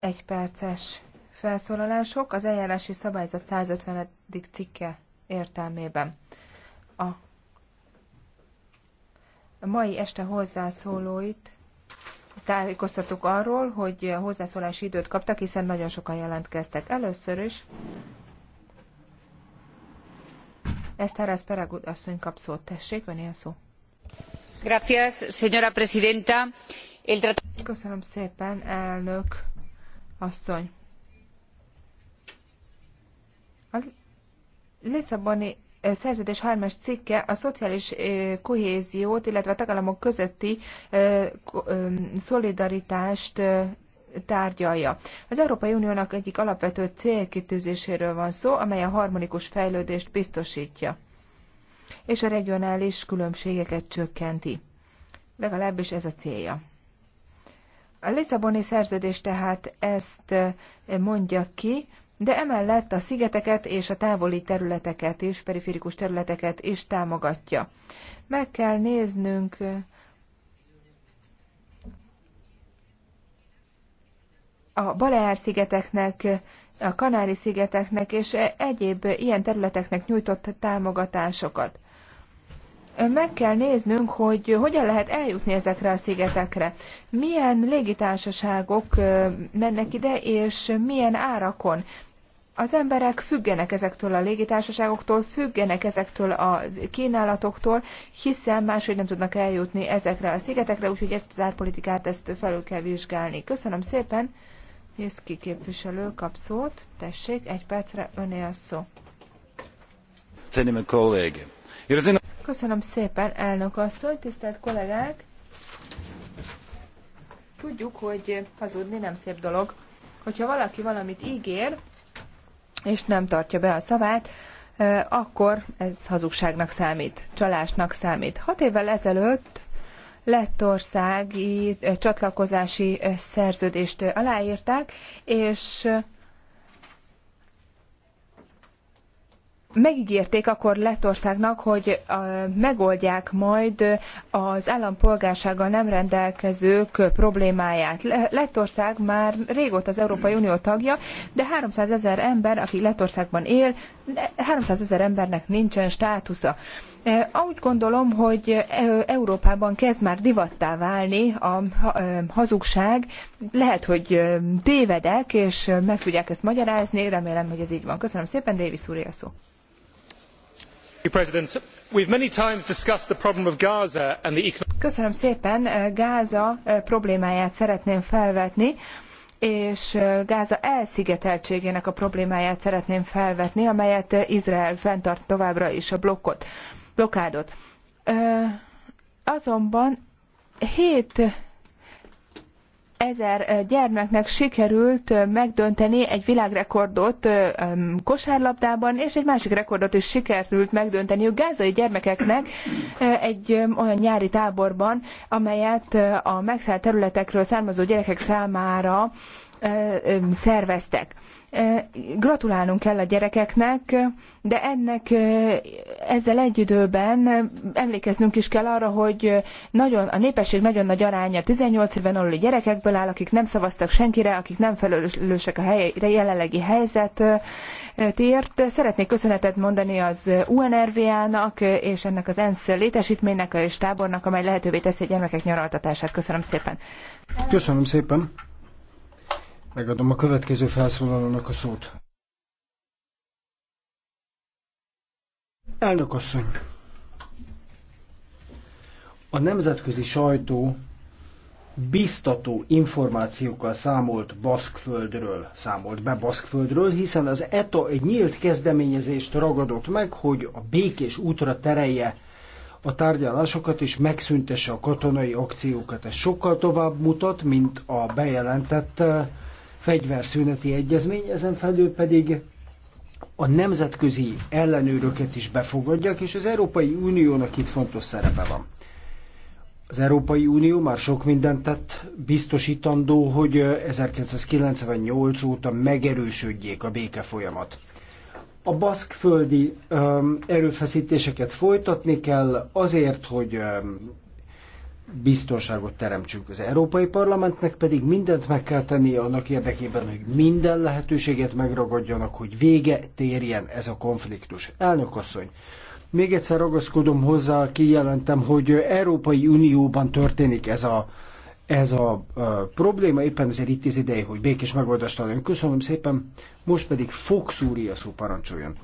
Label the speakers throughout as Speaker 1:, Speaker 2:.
Speaker 1: Egy perces felszólalások az eljárási szabályzat 150. cikke értelmében. A mai este hozzászólóit tájékoztattuk arról, hogy hozzászólási időt kaptak, hiszen nagyon sokan jelentkeztek. Először is ezt Teres asszony kap szót. Tessék, önél szó. Gracias, señora presidenta. El... Köszönöm szépen, elnök asszony. A Lisszaboni eh, szerződés 3 cikke a szociális eh, kohéziót, illetve a tagállamok közötti eh, szolidaritást tárgyalja. Az Európai Uniónak egyik alapvető célkitűzéséről van szó, amely a harmonikus fejlődést biztosítja, és a regionális különbségeket csökkenti. Legalábbis ez a célja. A Lisszaboni szerződés tehát ezt eh, mondja ki, de emellett a szigeteket és a távoli területeket is, periférikus területeket is támogatja. Meg kell néznünk eh, a Baleár-szigeteknek, a Kanári-szigeteknek és eh, egyéb ilyen területeknek nyújtott támogatásokat meg kell néznünk, hogy hogyan lehet eljutni ezekre a szigetekre. Milyen légitársaságok mennek ide, és milyen árakon. Az emberek függenek ezektől a légitársaságoktól, függenek ezektől a kínálatoktól, hiszen máshogy nem tudnak eljutni ezekre a szigetekre, úgyhogy ezt az árpolitikát ezt felül kell vizsgálni. Köszönöm szépen! Jészki képviselő kap szót. Tessék, egy percre öné a szó. Köszönöm szépen, elnök asszony, tisztelt kollégák! Tudjuk, hogy hazudni nem szép dolog. Hogyha valaki valamit ígér, és nem tartja be a szavát, akkor ez hazugságnak számít, csalásnak számít. Hat évvel ezelőtt Lettországi csatlakozási szerződést aláírták, és megígérték akkor Lettországnak, hogy megoldják majd az állampolgársággal nem rendelkezők problémáját. Lettország már régóta az Európai Unió tagja, de 300 ezer ember, aki Lettországban él, 300 ezer embernek nincsen státusza. Úgy e, gondolom, hogy e, Európában kezd már divattá válni a e, hazugság. Lehet, hogy tévedek, és meg tudják ezt magyarázni. Remélem, hogy ez így van. Köszönöm szépen, Davis úr, a szó. Köszönöm szépen. Gáza problémáját szeretném felvetni és Gáza elszigeteltségének a problémáját szeretném felvetni, amelyet Izrael fenntart továbbra is a blokkot, blokádot. Azonban hét ezer gyermeknek sikerült megdönteni egy világrekordot kosárlabdában, és egy másik rekordot is sikerült megdönteni a gázai gyermekeknek egy olyan nyári táborban, amelyet a megszállt területekről származó gyerekek számára szerveztek. Gratulálnunk kell a gyerekeknek, de ennek ezzel egy időben emlékeznünk is kell arra, hogy nagyon, a népesség nagyon nagy aránya 18 éven aluli gyerekekből áll, akik nem szavaztak senkire, akik nem felelősek a helyre jelenlegi helyzetért. Szeretnék köszönetet mondani az UNRVA-nak és ennek az ENSZ létesítménynek és tábornak, amely lehetővé teszi a gyermekek nyaraltatását. Köszönöm szépen.
Speaker 2: Köszönöm szépen. Megadom a következő felszólalónak a szót. Elnök asszony! A nemzetközi sajtó biztató információkkal számolt Baszkföldről, számolt be Baszkföldről, hiszen az ETA egy nyílt kezdeményezést ragadott meg, hogy a békés útra terelje a tárgyalásokat és megszüntesse a katonai akciókat. Ez sokkal tovább mutat, mint a bejelentett eh, fegyverszüneti egyezmény, ezen felül pedig a nemzetközi ellenőröket is befogadják, és az Európai Uniónak itt fontos szerepe van. Az Európai Unió már sok mindent tett biztosítandó, hogy 1998 óta megerősödjék a béke folyamat. A baszkföldi um, erőfeszítéseket folytatni kell azért, hogy um, biztonságot teremtsünk. Az Európai Parlamentnek pedig mindent meg kell tennie annak érdekében, hogy minden lehetőséget megragadjanak, hogy vége térjen ez a konfliktus. Elnök asszony, még egyszer ragaszkodom hozzá, kijelentem, hogy Európai Unióban történik ez a, ez a, a probléma, éppen ezért itt az ideje, hogy békés megoldást találjon. Köszönöm szépen, most pedig Fox úr szó parancsoljon.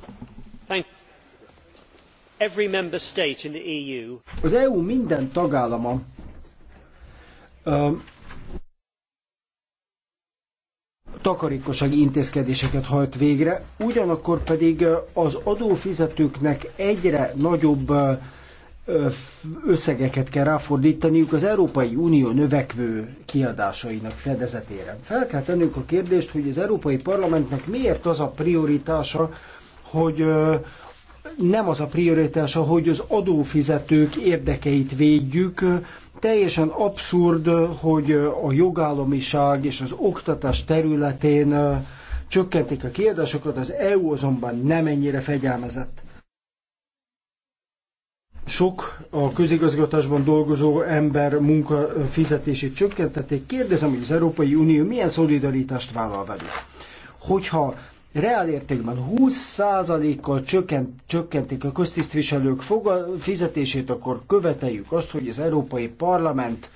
Speaker 2: Every member state in the EU. Az EU minden tagállama um, takarékossági intézkedéseket hajt végre, ugyanakkor pedig az adófizetőknek egyre nagyobb összegeket kell ráfordítaniuk az Európai Unió növekvő kiadásainak fedezetére. Fel kell tennünk a kérdést, hogy az Európai Parlamentnek miért az a prioritása, hogy nem az a prioritása, hogy az adófizetők érdekeit védjük. Teljesen abszurd, hogy a jogállamiság és az oktatás területén csökkentik a kiadásokat, az EU azonban nem ennyire fegyelmezett. Sok a közigazgatásban dolgozó ember munka fizetését csökkentették. Kérdezem, hogy az Európai Unió milyen szolidaritást vállal velük hogyha reál értékben 20%-kal csökkent, csökkentik a köztisztviselők fizetését, akkor követeljük azt, hogy az Európai Parlament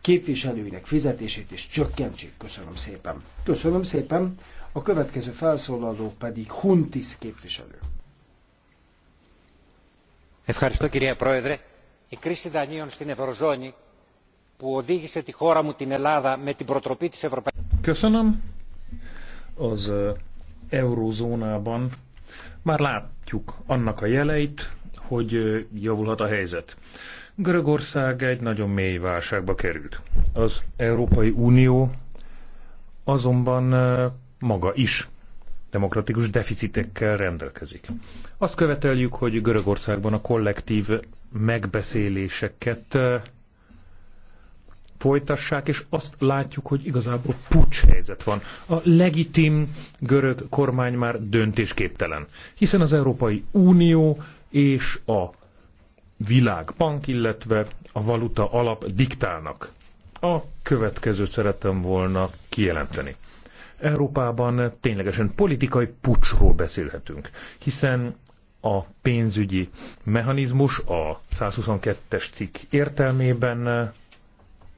Speaker 2: képviselőinek fizetését is csökkentsék. Köszönöm szépen. Köszönöm szépen. A következő felszólaló pedig Huntis képviselő.
Speaker 3: Ευχαριστώ κυρία Πρόεδρε. Η
Speaker 2: κρίση δανείων στην Ευρωζώνη που οδήγησε τη χώρα μου την Ελλάδα με την προτροπή της Ευρωπαϊκής...
Speaker 3: Köszönöm. Az eurózónában már látjuk annak a jeleit, hogy javulhat a helyzet. Görögország egy nagyon mély válságba került. Az Európai Unió azonban maga is demokratikus deficitekkel rendelkezik. Azt követeljük, hogy Görögországban a kollektív megbeszéléseket folytassák, és azt látjuk, hogy igazából pucs helyzet van. A legitim görög kormány már döntésképtelen, hiszen az Európai Unió és a világbank, illetve a valuta alap diktálnak. A következőt szerettem volna kijelenteni. Európában ténylegesen politikai pucsról beszélhetünk, hiszen a pénzügyi mechanizmus a 122-es cikk értelmében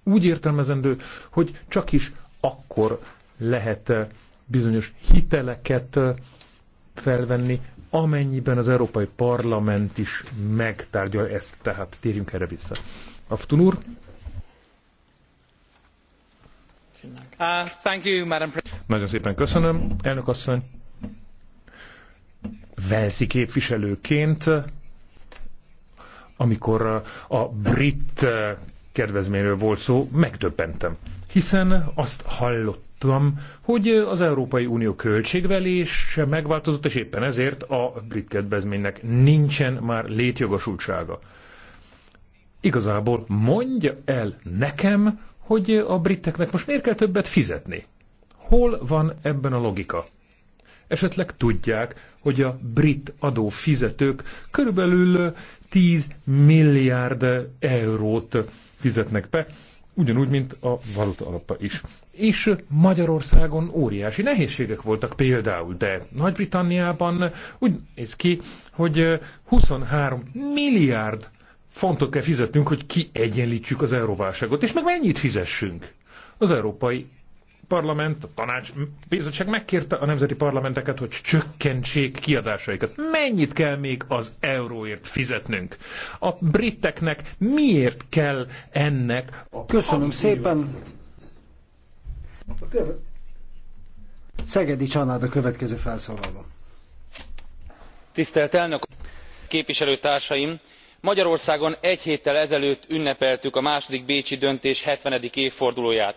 Speaker 3: úgy értelmezendő, hogy csak is akkor lehet eh, bizonyos hiteleket eh, felvenni, amennyiben az Európai Parlament is megtárgyal ezt, tehát térjünk erre vissza. Aftun úr.
Speaker 4: Uh, thank you, Madam
Speaker 3: Nagyon szépen köszönöm, elnök asszony. Velszi képviselőként, amikor a brit eh, kedvezményről volt szó, megdöbbentem. Hiszen azt hallottam, hogy az Európai Unió költségvelése megváltozott, és éppen ezért a brit kedvezménynek nincsen már létjogosultsága. Igazából mondja el nekem, hogy a briteknek most miért kell többet fizetni. Hol van ebben a logika? Esetleg tudják, hogy a brit adófizetők körülbelül 10 milliárd eurót fizetnek be, ugyanúgy, mint a valuta alapba is. És Magyarországon óriási nehézségek voltak például, de Nagy-Britanniában úgy néz ki, hogy 23 milliárd fontot kell fizetnünk, hogy kiegyenlítsük az euróválságot, és meg mennyit fizessünk. Az Európai parlament, a tanács, a bizottság megkérte a nemzeti parlamenteket, hogy csökkentsék kiadásaikat. Mennyit kell még az euróért fizetnünk? A briteknek miért kell ennek? A Köszönöm szépen!
Speaker 2: A követ... Szegedi Csanád a következő felszólaló.
Speaker 4: Tisztelt elnök képviselőtársaim! Magyarországon egy héttel ezelőtt ünnepeltük a második Bécsi döntés 70. évfordulóját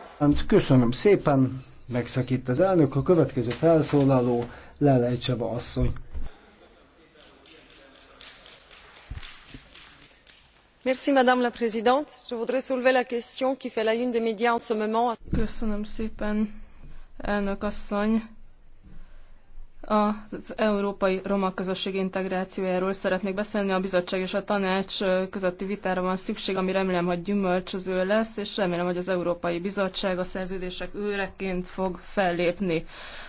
Speaker 2: Köszönöm szépen, megszakít az elnök. A következő felszólaló Lelejcseva asszony.
Speaker 5: Merci, madame la présidente je voudrais
Speaker 6: soulever la question qui fait la une des médias en ce moment. köszönöm szépen elnök asszony! Az európai roma közösség integrációjáról szeretnék beszélni. A bizottság és a tanács közötti vitára van szükség, ami remélem, hogy gyümölcsöző lesz, és remélem, hogy az Európai Bizottság a szerződések őreként fog fellépni.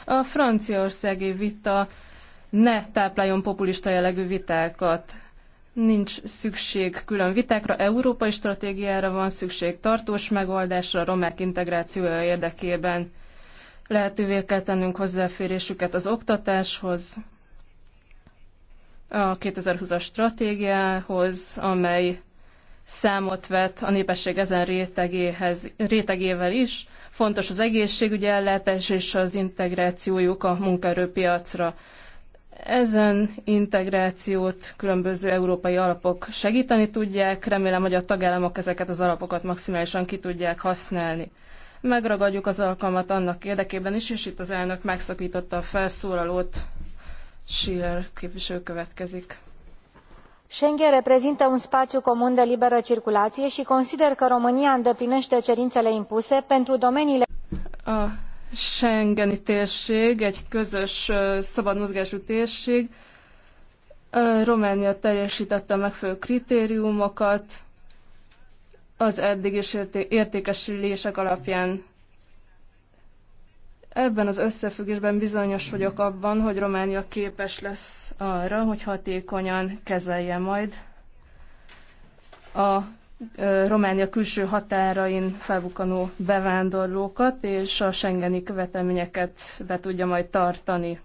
Speaker 6: A franciaországi vita ne tápláljon populista jellegű vitákat. Nincs szükség külön vitákra, európai stratégiára van szükség, tartós megoldásra a romák integrációja érdekében Lehetővé kell tennünk hozzáférésüket az oktatáshoz, a 2020-as stratégiához, amely számot vet a népesség ezen rétegéhez, rétegével is. Fontos az egészségügyi ellátás és az integrációjuk a munkaerőpiacra. Ezen integrációt különböző európai alapok segíteni tudják, remélem, hogy a tagállamok ezeket az alapokat maximálisan ki tudják használni. Megragadjuk az alkalmat annak érdekében is, és itt az elnök megszakította a felszólalót. Schiller képviselő következik.
Speaker 4: Schengen reprezintă un spațiu comun de liberă circulație și consider
Speaker 6: că România îndeplinește cerințele impuse pentru domeniile... A Schengeni térség egy közös szabad mozgású térség. Románia teljesítette a megfelelő kritériumokat, az eddig is értékesülések alapján. Ebben az összefüggésben bizonyos vagyok abban, hogy Románia képes lesz arra, hogy hatékonyan kezelje majd a Románia külső határain felbukkanó bevándorlókat, és a Schengeni követelményeket be tudja majd tartani.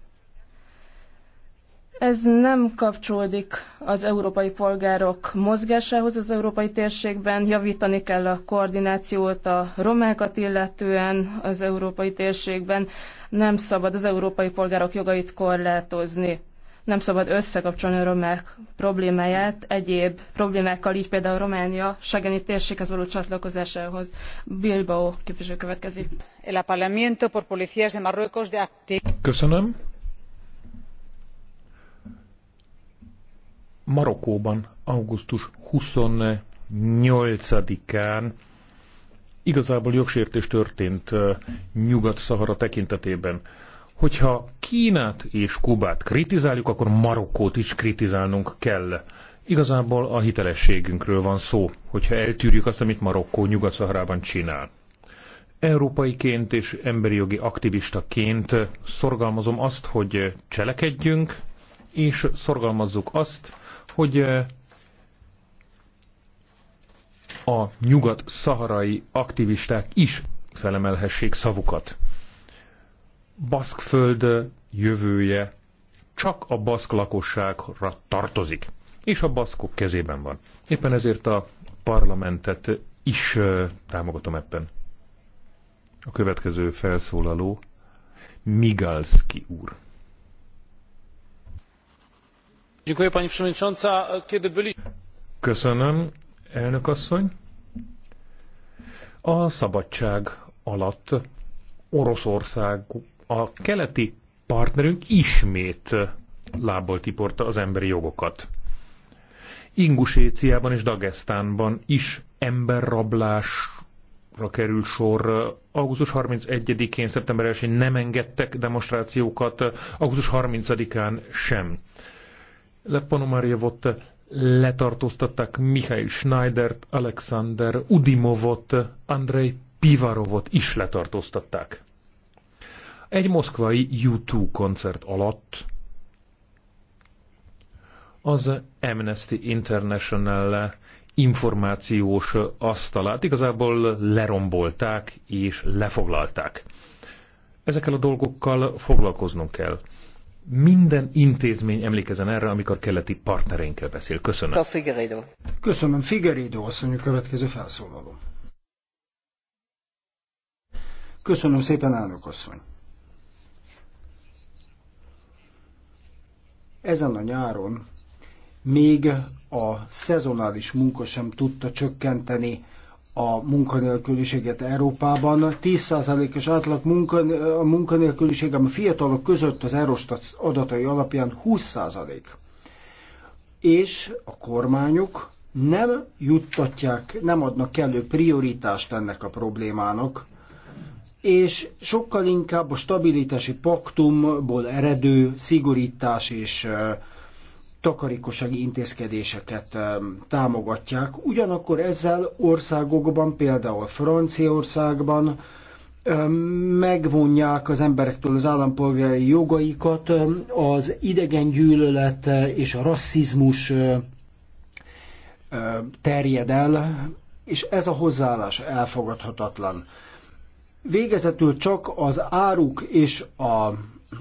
Speaker 6: Ez nem kapcsolódik az európai polgárok mozgásához az európai térségben, javítani kell a koordinációt a romákat illetően az európai térségben, nem szabad az európai polgárok jogait korlátozni. Nem szabad összekapcsolni a romák problémáját egyéb problémákkal, így például Románia Schengeni térséghez való csatlakozásához. Bilbao képviselő következik.
Speaker 3: Köszönöm. Marokkóban augusztus 28-án igazából jogsértés történt Nyugat-Szahara tekintetében. Hogyha Kínát és Kubát kritizáljuk, akkor Marokkót is kritizálnunk kell. Igazából a hitelességünkről van szó, hogyha eltűrjük azt, amit Marokkó Nyugat-Szaharában csinál. Európaiként és emberi jogi aktivistaként szorgalmazom azt, hogy cselekedjünk, és szorgalmazzuk azt, hogy a nyugat-szaharai aktivisták is felemelhessék szavukat. Baszkföld jövője csak a baszk lakosságra tartozik, és a baszkok kezében van. Éppen ezért a parlamentet is támogatom ebben. A következő felszólaló Migalski úr. Köszönöm, elnök A szabadság alatt Oroszország, a keleti partnerünk ismét lábbal tiporta az emberi jogokat. Inguséciában és Dagestánban is emberrablásra kerül sor. Augusztus 31-én, szeptember 1-én nem engedtek demonstrációkat, augusztus 30-án sem. Leponomarjevot letartóztatták Mihály Schneidert, Alexander Udimovot, Andrei Pivarovot is letartóztatták. Egy moszkvai U2 koncert alatt az Amnesty international információs asztalát igazából lerombolták és lefoglalták. Ezekkel a dolgokkal foglalkoznunk kell minden intézmény emlékezen erre, amikor keleti partnereinkkel beszél. Köszönöm. A
Speaker 2: Figueredo. Köszönöm. Figueredo asszony a következő felszólaló. Köszönöm szépen, elnök asszony. Ezen a nyáron még a szezonális munka sem tudta csökkenteni a munkanélküliséget Európában. 10%-os átlag munkan, a munkanélküliség, a fiatalok között az Eurostat adatai alapján 20%. És a kormányok nem juttatják, nem adnak kellő prioritást ennek a problémának, és sokkal inkább a stabilitási paktumból eredő szigorítás és takarékossági intézkedéseket támogatják. Ugyanakkor ezzel országokban, például Franciaországban megvonják az emberektől az állampolgári jogaikat, az idegen gyűlölet és a rasszizmus terjed el, és ez a hozzáállás elfogadhatatlan. Végezetül csak az áruk és a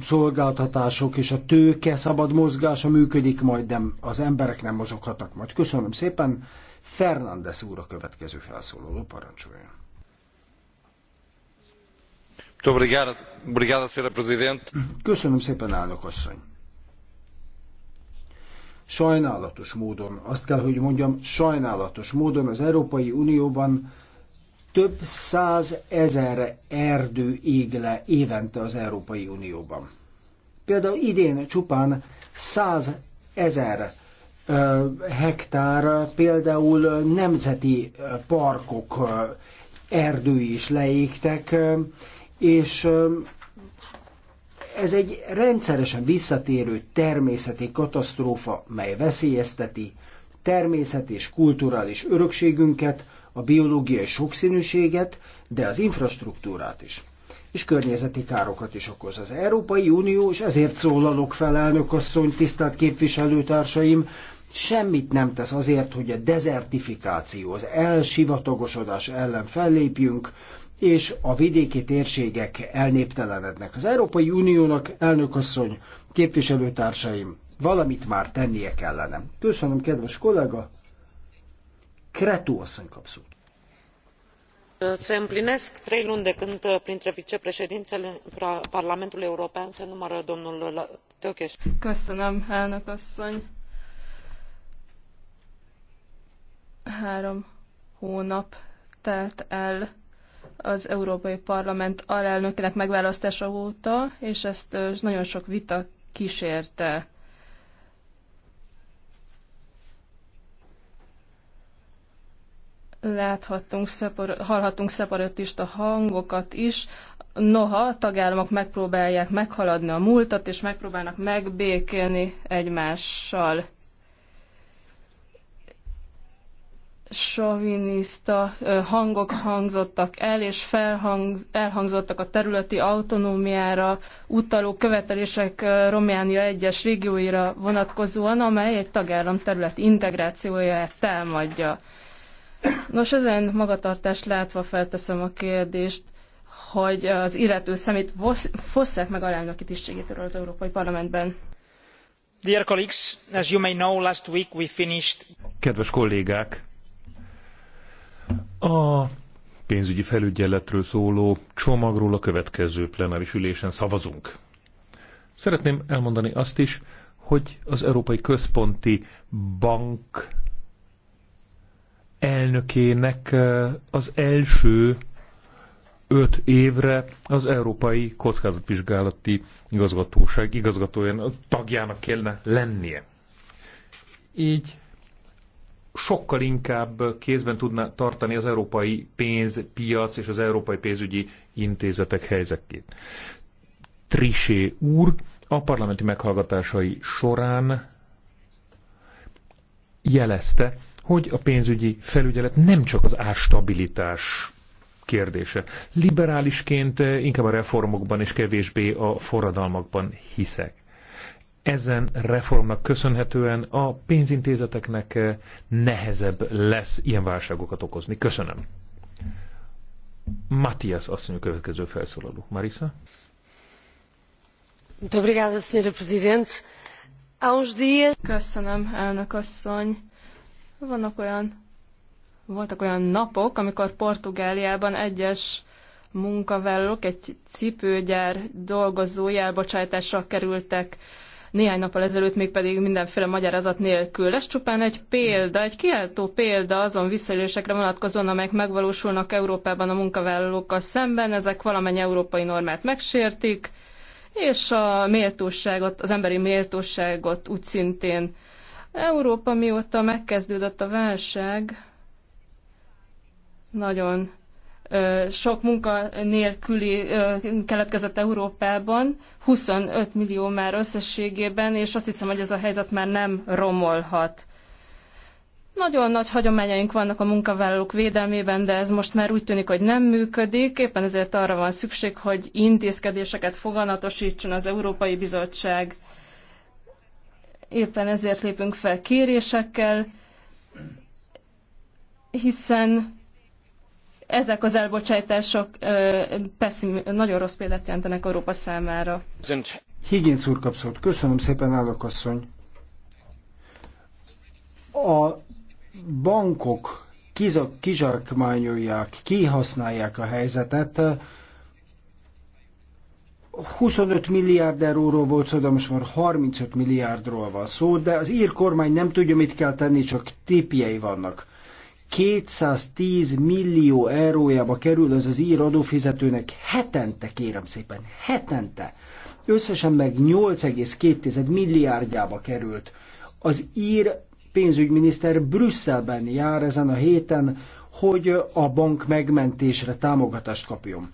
Speaker 2: szolgáltatások és a tőke szabad mozgása működik majd, de az emberek nem mozoghatnak majd. Köszönöm szépen. Fernández úr a következő felszólaló
Speaker 3: parancsolja.
Speaker 2: Köszönöm szépen, elnök asszony. Sajnálatos módon, azt kell, hogy mondjam, sajnálatos módon az Európai Unióban több száz ezer erdő ég le évente az Európai Unióban. Például idén csupán száz ezer hektár például nemzeti parkok erdői is leégtek, és ez egy rendszeresen visszatérő természeti katasztrófa, mely veszélyezteti természet és kulturális örökségünket, a biológiai sokszínűséget, de az infrastruktúrát is és környezeti károkat is okoz. Az Európai Unió, és ezért szólalok fel, elnök asszony, tisztelt képviselőtársaim, semmit nem tesz azért, hogy a dezertifikáció, az elsivatagosodás ellen fellépjünk, és a vidéki térségek elnéptelenednek. Az Európai Uniónak, elnök asszony, képviselőtársaim, valamit már tennie kellene. Köszönöm, kedves kollega, Cretu asszony
Speaker 6: Se împlinesc trei luni de când printre vicepreședințele Parlamentului European se numără domnul Tökes. Köszönöm, elnök asszony. Három hónap telt el az Európai Parlament alelnökének megválasztása óta, és ezt nagyon sok vita kísérte. láthattunk, szepar- hallhattunk szeparatista hangokat is, noha a tagállamok megpróbálják meghaladni a múltat, és megpróbálnak megbékélni egymással. Soviniszta hangok hangzottak el, és felhangz, elhangzottak a területi autonómiára utaló követelések Románia egyes régióira vonatkozóan, amely egy tagállam területi integrációját támadja. Nos, ezen magatartást látva felteszem a kérdést, hogy az illető szemét fosszák meg alelnöki tisztségétől az Európai Parlamentben.
Speaker 2: Dear colleagues, as you may know, last week we finished...
Speaker 3: Kedves kollégák, a pénzügyi felügyeletről szóló csomagról a következő plenáris ülésen szavazunk. Szeretném elmondani azt is, hogy az Európai Központi Bank elnökének az első öt évre az Európai Kockázatvizsgálati Igazgatóság igazgatójának tagjának kellene lennie. Így sokkal inkább kézben tudná tartani az európai pénzpiac és az európai pénzügyi intézetek helyzetét. Trisé úr a parlamenti meghallgatásai során jelezte, hogy a pénzügyi felügyelet nem csak az árstabilitás kérdése. Liberálisként eh, inkább a reformokban és kevésbé a forradalmakban hiszek. Ezen reformnak köszönhetően a pénzintézeteknek eh, nehezebb lesz ilyen válságokat okozni. Köszönöm. Matthias asszony a következő felszólaló. Marisa?
Speaker 6: Köszönöm, elnök asszony vannak olyan, voltak olyan napok, amikor Portugáliában egyes munkavállalók egy cipőgyár dolgozói elbocsátásra kerültek néhány nappal ezelőtt, még pedig mindenféle magyarázat nélkül. Ez csupán egy példa, egy kiáltó példa azon visszaélésekre vonatkozóan, amelyek megvalósulnak Európában a munkavállalókkal szemben. Ezek valamennyi európai normát megsértik, és a méltóságot, az emberi méltóságot úgy szintén Európa mióta megkezdődött a válság, nagyon sok munkanélküli keletkezett Európában, 25 millió már összességében, és azt hiszem, hogy ez a helyzet már nem romolhat. Nagyon nagy hagyományaink vannak a munkavállalók védelmében, de ez most már úgy tűnik, hogy nem működik. Éppen ezért arra van szükség, hogy intézkedéseket foganatosítson az Európai Bizottság. Éppen ezért lépünk fel kérésekkel, hiszen ezek az elbocsátások pessim, nagyon rossz példát jelentenek Európa számára.
Speaker 2: Higgins úr kapszott. Köszönöm szépen, állok asszony. A bankok kizak, kizsákmányolják, kihasználják a helyzetet, 25 milliárd euróról volt szó, de most már 35 milliárdról van szó, de az ír kormány nem tudja, mit kell tenni, csak tépjei vannak. 210 millió eurójába kerül az az ír adófizetőnek hetente, kérem szépen, hetente. Összesen meg 8,2 milliárdjába került. Az ír pénzügyminiszter Brüsszelben jár ezen a héten, hogy a bank megmentésre támogatást kapjon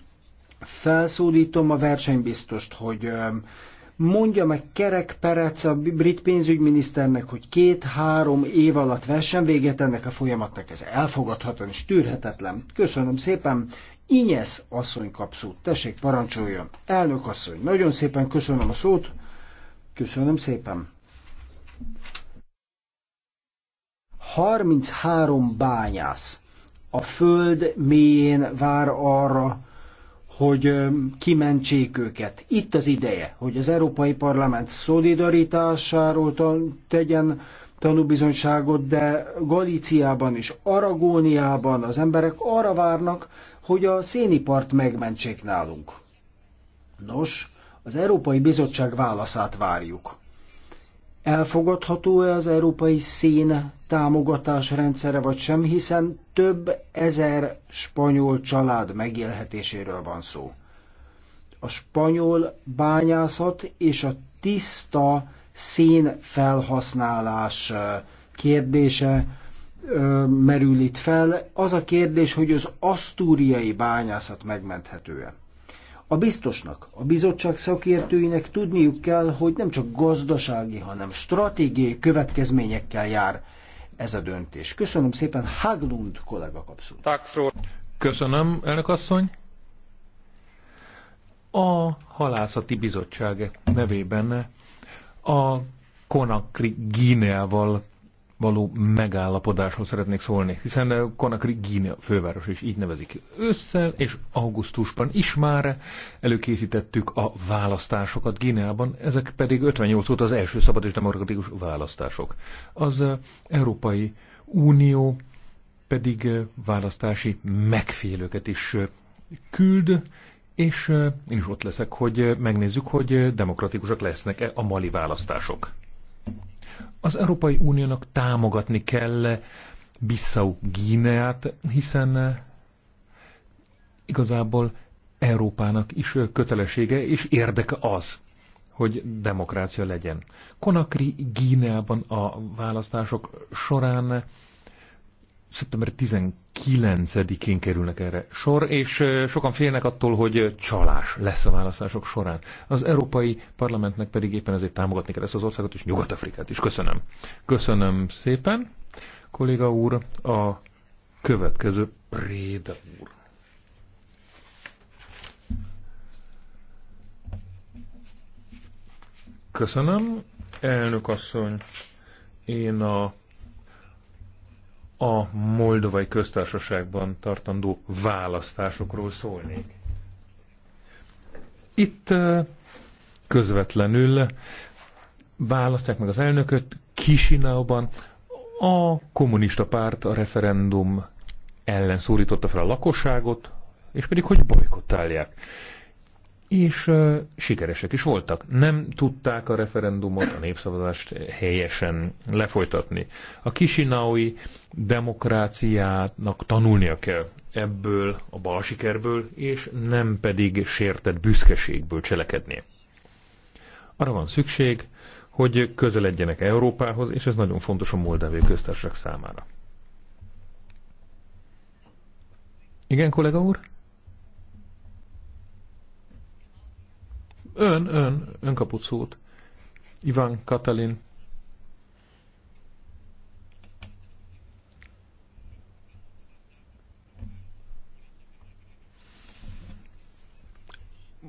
Speaker 2: felszólítom a versenybiztost, hogy mondja meg Kerek Perec a brit pénzügyminiszternek, hogy két-három év alatt vessen véget ennek a folyamatnak. Ez elfogadhatatlan és tűrhetetlen. Köszönöm szépen. Inyesz asszony kapszót, Tessék, parancsoljon. Elnök asszony, nagyon szépen köszönöm a szót. Köszönöm szépen. 33 bányász a föld mélyén vár arra, hogy kimentsék őket. Itt az ideje, hogy az Európai Parlament szolidaritásáról tegyen tanúbizonyságot, de Galíciában és Aragóniában az emberek arra várnak, hogy a szénipart megmentsék nálunk. Nos, az Európai Bizottság válaszát várjuk elfogadható-e az európai szén támogatás rendszere, vagy sem, hiszen több ezer spanyol család megélhetéséről van szó. A spanyol bányászat és a tiszta szén felhasználás kérdése merül itt fel. Az a kérdés, hogy az asztúriai bányászat megmenthető-e. A biztosnak, a bizottság szakértőinek tudniuk kell, hogy nem csak gazdasági, hanem stratégiai következményekkel jár ez a döntés. Köszönöm szépen, Haglund kollega
Speaker 3: kapszul. Köszönöm, elnök asszony. A halászati bizottság nevében a Konakri Gíneával való megállapodásról szeretnék szólni, hiszen Konakri eh, Gíne főváros is így nevezik. Ősszel és augusztusban is már előkészítettük a választásokat Gíneában, ezek pedig 58 óta az első szabad és demokratikus választások. Az eh, Európai Unió pedig eh, választási megfélőket is küld, és én is ott leszek, hogy megnézzük, hogy demokratikusak lesznek-e a mali választások. Az Európai Uniónak támogatni kell Bissau Gíneát, hiszen eh, igazából Európának is eh, kötelessége és érdeke az, hogy demokrácia legyen. Konakri Gíneában a választások során szeptember 19-én kerülnek erre sor, és sokan félnek attól, hogy csalás lesz a választások során. Az Európai Parlamentnek pedig éppen ezért támogatni kell ezt az országot és Nyugat-Afrikát is. Köszönöm. Köszönöm szépen, kolléga úr. A következő Préda úr. Köszönöm, elnök asszony. Én a a Moldovai Köztársaságban tartandó választásokról szólnék. Itt közvetlenül választják meg az elnököt Kisinauban. A kommunista párt a referendum ellen szólította fel a lakosságot, és pedig hogy bolykottálják és sikeresek is voltak. Nem tudták a referendumot, a népszavazást helyesen lefolytatni. A kisinaui demokráciának tanulnia kell ebből a bal sikerből, és nem pedig sértett büszkeségből cselekednie. Arra van szükség, hogy közeledjenek Európához, és ez nagyon fontos a moldávé köztársaság számára. Igen, kollega úr? Ön, ön, ön kapott szót. Iván Katalin.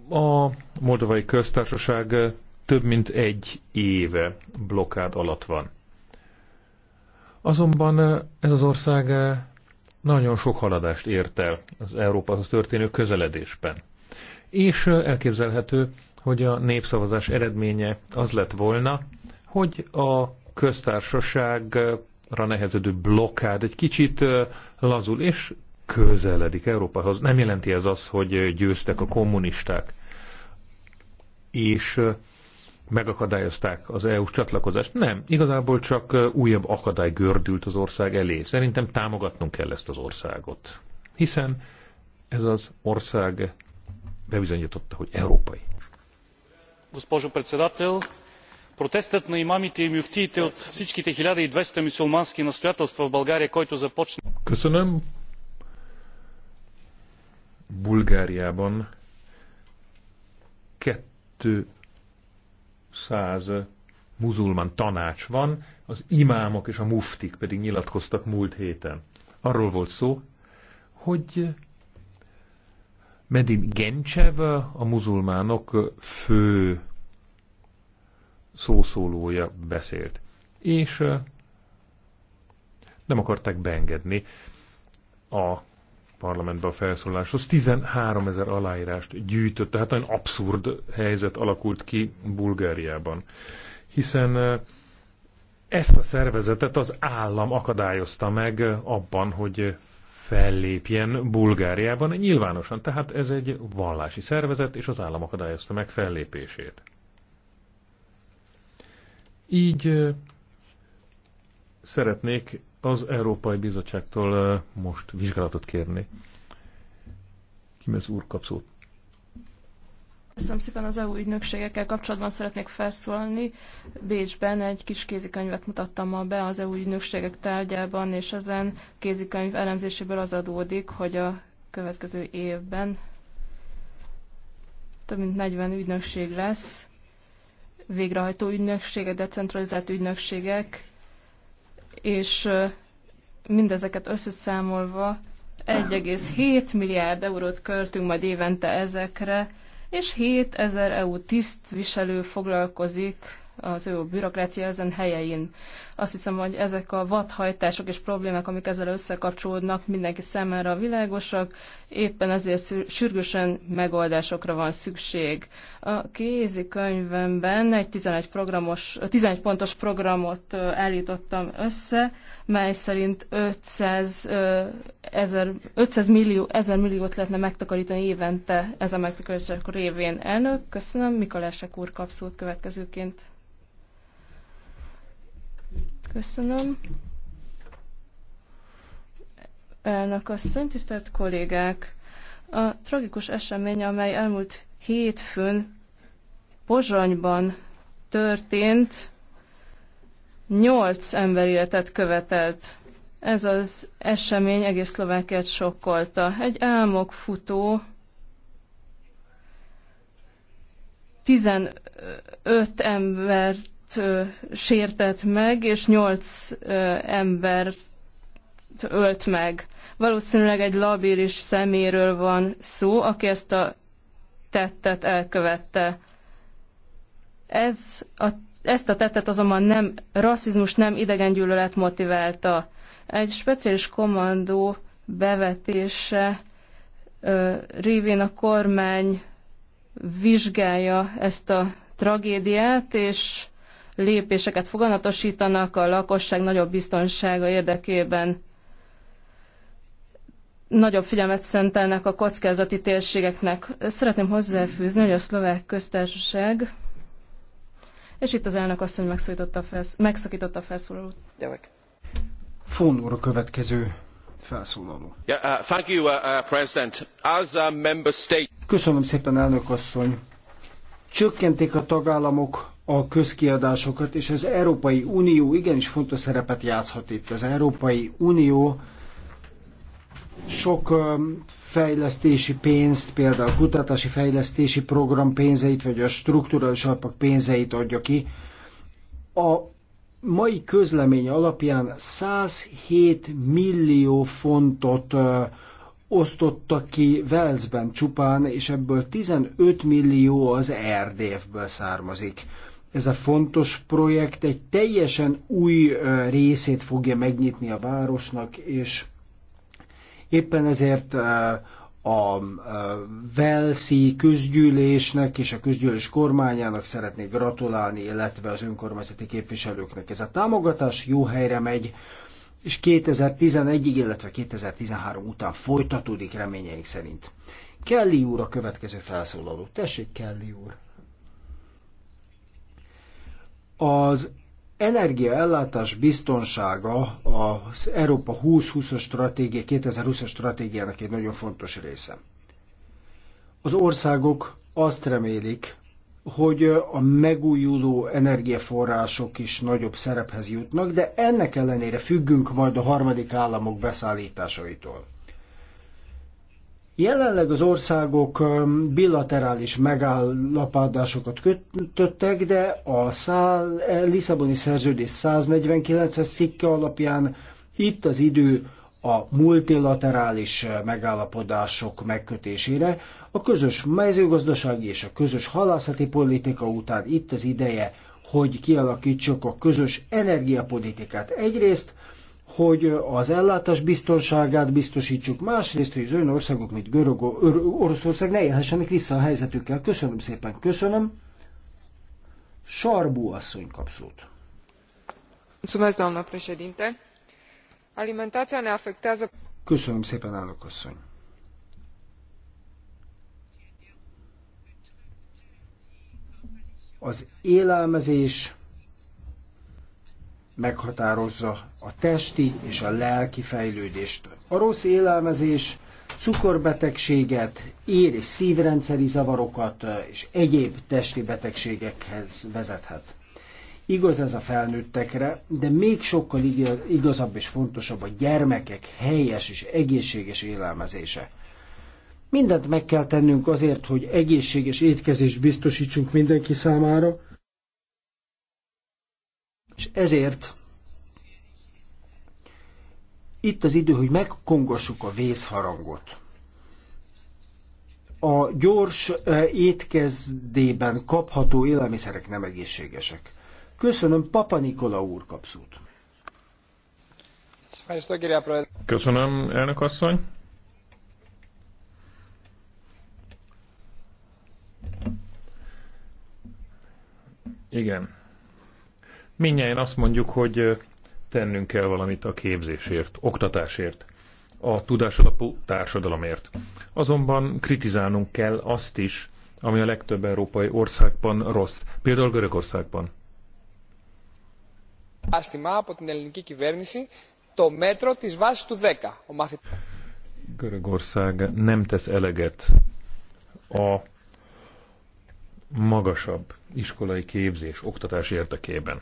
Speaker 3: A Moldovai Köztársaság eh, több mint egy éve blokád alatt van. Azonban eh, ez az ország eh, nagyon sok haladást ért el az Európa történő közeledésben és elképzelhető, hogy a népszavazás eredménye az lett volna, hogy a köztársaságra nehezedő blokkád egy kicsit lazul, és közeledik Európához. Nem jelenti ez az, hogy győztek a kommunisták, és megakadályozták az EU csatlakozást. Nem, igazából csak újabb akadály gördült az ország elé. Szerintem támogatnunk kell ezt az országot, hiszen ez az ország bebizonyította, hogy európai. Госпожо председател, протестът на имамите и мюфтиите от всичките 1200
Speaker 4: мусулмански настоятелства в България, който започна...
Speaker 3: Köszönöm. Bulgáriában 200 muzulman tanács van, az imámok és a muftik pedig nyilatkoztak múlt héten. Arról volt szó, hogy Medin Gencsev a muzulmánok fő szószólója beszélt. És nem akarták beengedni a parlamentbe a felszóláshoz. 13 ezer aláírást gyűjtött, tehát nagyon abszurd helyzet alakult ki Bulgáriában. Hiszen ezt a szervezetet az állam akadályozta meg abban, hogy fellépjen Bulgáriában nyilvánosan. Tehát ez egy vallási szervezet, és az állam akadályozta meg fellépését. Így szeretnék az Európai Bizottságtól most vizsgálatot kérni. Kimez úr kap
Speaker 6: Köszönöm szépen az EU ügynökségekkel kapcsolatban szeretnék felszólalni. Bécsben egy kis kézikönyvet mutattam ma be az EU ügynökségek tárgyában, és ezen kézikönyv elemzéséből az adódik, hogy a következő évben több mint 40 ügynökség lesz, végrehajtó ügynökségek, decentralizált ügynökségek, és mindezeket összeszámolva 1,7 milliárd eurót költünk majd évente ezekre, és 7000 EU tisztviselő foglalkozik az EU bürokrácia ezen helyein. Azt hiszem, hogy ezek a vadhajtások és problémák, amik ezzel összekapcsolódnak, mindenki számára világosak, éppen ezért sürgősen megoldásokra van szükség. A könyvemben egy 11, programos, 11 pontos programot állítottam össze, mely szerint 500, ezer, 500 millió, 1000 milliót lehetne megtakarítani évente ez a megtakarítások révén. Elnök, köszönöm. Mikolásek úr kap következőként. Köszönöm. Elnök asszony, tisztelt kollégák! A tragikus esemény, amely elmúlt hétfőn Pozsonyban történt, nyolc ember életet követelt. Ez az esemény egész Szlovákiát sokkolta. Egy álmok futó 15 embert sértett meg, és 8 embert ölt meg. Valószínűleg egy labilis szeméről van szó, aki ezt a tettet elkövette. Ez a, ezt a tettet azonban nem rasszizmus, nem idegengyűlölet motiválta. Egy speciális kommandó bevetése révén a kormány vizsgálja ezt a tragédiát, és lépéseket foganatosítanak a lakosság nagyobb biztonsága érdekében nagyobb figyelmet szentelnek a kockázati térségeknek. Szeretném hozzáfűzni, hogy a szlovák köztársaság, és itt az elnök asszony megszakította a, felszólalót.
Speaker 2: Fón úr a következő felszólaló. Yeah, uh, thank you, uh, uh,
Speaker 1: President. As a member state...
Speaker 2: Köszönöm szépen, elnök asszony. Csökkentik a tagállamok a közkiadásokat, és az Európai Unió igenis fontos szerepet játszhat itt. Az Európai Unió sok fejlesztési pénzt, például a kutatási fejlesztési program pénzeit, vagy a struktúrális alapok pénzeit adja ki. A mai közlemény alapján 107 millió fontot osztottak ki Velszben csupán, és ebből 15 millió az RDF-ből származik. Ez a fontos projekt egy teljesen új részét fogja megnyitni a városnak, és Éppen ezért a Velszi közgyűlésnek és a közgyűlés kormányának szeretnék gratulálni, illetve az önkormányzati képviselőknek. Ez a támogatás jó helyre megy, és 2011-ig, illetve 2013 után folytatódik reményeink szerint. Kelly úr a következő felszólaló. Tessék, Kelly úr! Az energiaellátás biztonsága az Európa 2020-as stratégia, 2020-as stratégiának egy nagyon fontos része. Az országok azt remélik, hogy a megújuló energiaforrások is nagyobb szerephez jutnak, de ennek ellenére függünk majd a harmadik államok beszállításaitól. Jelenleg az országok bilaterális megállapodásokat kötöttek, de a szá- eh, Lisszaboni szerződés 149-es cikke alapján itt az idő a multilaterális eh, megállapodások megkötésére, a közös mezőgazdasági és a közös halászati politika után itt az ideje, hogy kialakítsuk a közös energiapolitikát egyrészt, hogy az ellátás biztonságát biztosítsuk, másrészt, hogy az olyan országok, mint Görög, Oroszország ne élhessenek vissza a helyzetükkel. Köszönöm szépen, köszönöm. Sarbu asszony kap szót. Köszönöm szépen, állok asszony. Az élelmezés meghatározza a testi és a lelki fejlődést. A rossz élelmezés cukorbetegséget, ér- és szívrendszeri zavarokat és egyéb testi betegségekhez vezethet. Igaz ez a felnőttekre, de még sokkal igazabb és fontosabb a gyermekek helyes és egészséges élelmezése. Mindent meg kell tennünk azért, hogy egészséges étkezést biztosítsunk mindenki számára, és ezért itt az idő, hogy megkongassuk a vészharangot. A gyors eh, étkezdében kapható élelmiszerek nem egészségesek. Köszönöm, Papa Nikola úr kapszót.
Speaker 3: Köszönöm, elnök asszony. Igen. Mindjárt azt mondjuk, hogy tennünk kell valamit a képzésért, oktatásért, a tudásalapú társadalomért. Azonban kritizálnunk kell azt is, ami a legtöbb európai országban rossz, például Görögországban.
Speaker 5: Άστιμα από την ελληνική κυβέρνηση το μέτρο της βάσης του 10.
Speaker 3: Görögország nem tesz eleget a magasabb iskolai képzés, oktatás érdekében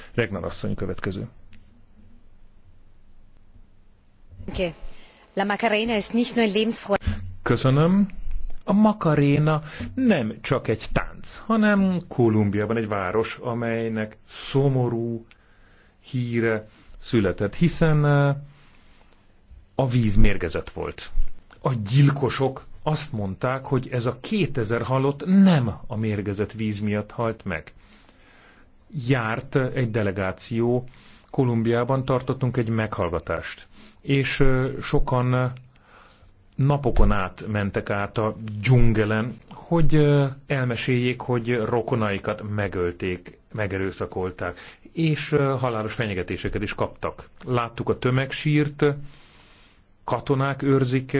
Speaker 3: Regnar asszony következő. Köszönöm. A Macarena nem csak egy tánc, hanem Kolumbiában egy város, amelynek szomorú híre született, hiszen eh, a víz mérgezett volt. A gyilkosok azt mondták, hogy ez a 2000 halott nem a mérgezett víz miatt halt meg járt egy delegáció, Kolumbiában tartottunk egy meghallgatást, és sokan napokon át mentek át a dzsungelen, hogy elmeséljék, hogy rokonaikat megölték, megerőszakolták, és halálos fenyegetéseket is kaptak. Láttuk a tömegsírt, katonák őrzik,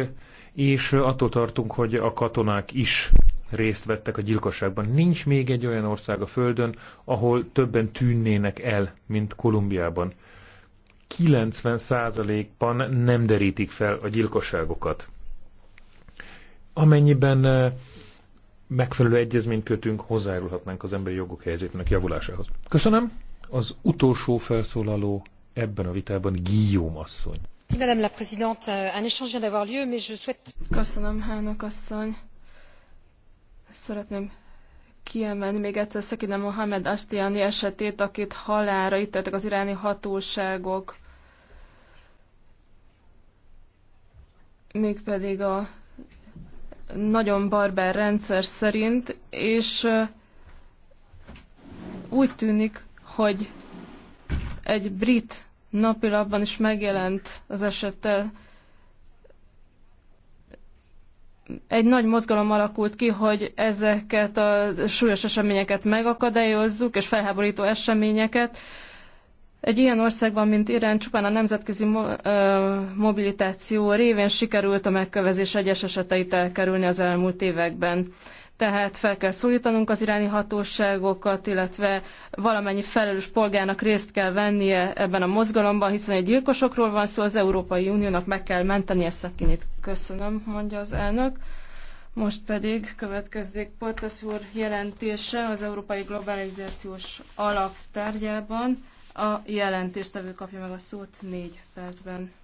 Speaker 3: és attól tartunk, hogy a katonák is részt vettek a gyilkosságban. Nincs még egy olyan ország a Földön, ahol többen tűnnének el, mint Kolumbiában. 90%-ban nem derítik fel a gyilkosságokat. Amennyiben eh, megfelelő egyezményt kötünk, hozzájárulhatnánk az emberi jogok helyzetének javulásához. Köszönöm. Az utolsó felszólaló ebben a vitában Guillaume asszony.
Speaker 6: Madame la Présidente, un échange vient d'avoir lieu, mais je souhaite... Köszönöm, elnök asszony. Szeretném kiemelni még egyszer Szekide Mohamed Astiani esetét, akit halára ítettek az iráni hatóságok. Mégpedig a nagyon barbár rendszer szerint, és úgy tűnik, hogy egy brit napilapban is megjelent az esettel egy nagy mozgalom alakult ki, hogy ezeket a súlyos eseményeket megakadályozzuk, és felháborító eseményeket. Egy ilyen országban, mint Irán, csupán a nemzetközi mo- ö, mobilitáció révén sikerült a megkövezés egyes eseteit elkerülni az elmúlt években tehát fel kell szólítanunk az iráni hatóságokat, illetve valamennyi felelős polgárnak részt kell vennie ebben a mozgalomban, hiszen egy gyilkosokról van szó, az Európai Uniónak meg kell mentenie Szakinit. Köszönöm, mondja az elnök. Most pedig következzék Portas úr jelentése az Európai Globalizációs Alap tárgyában. A jelentéstevő kapja meg a szót négy percben.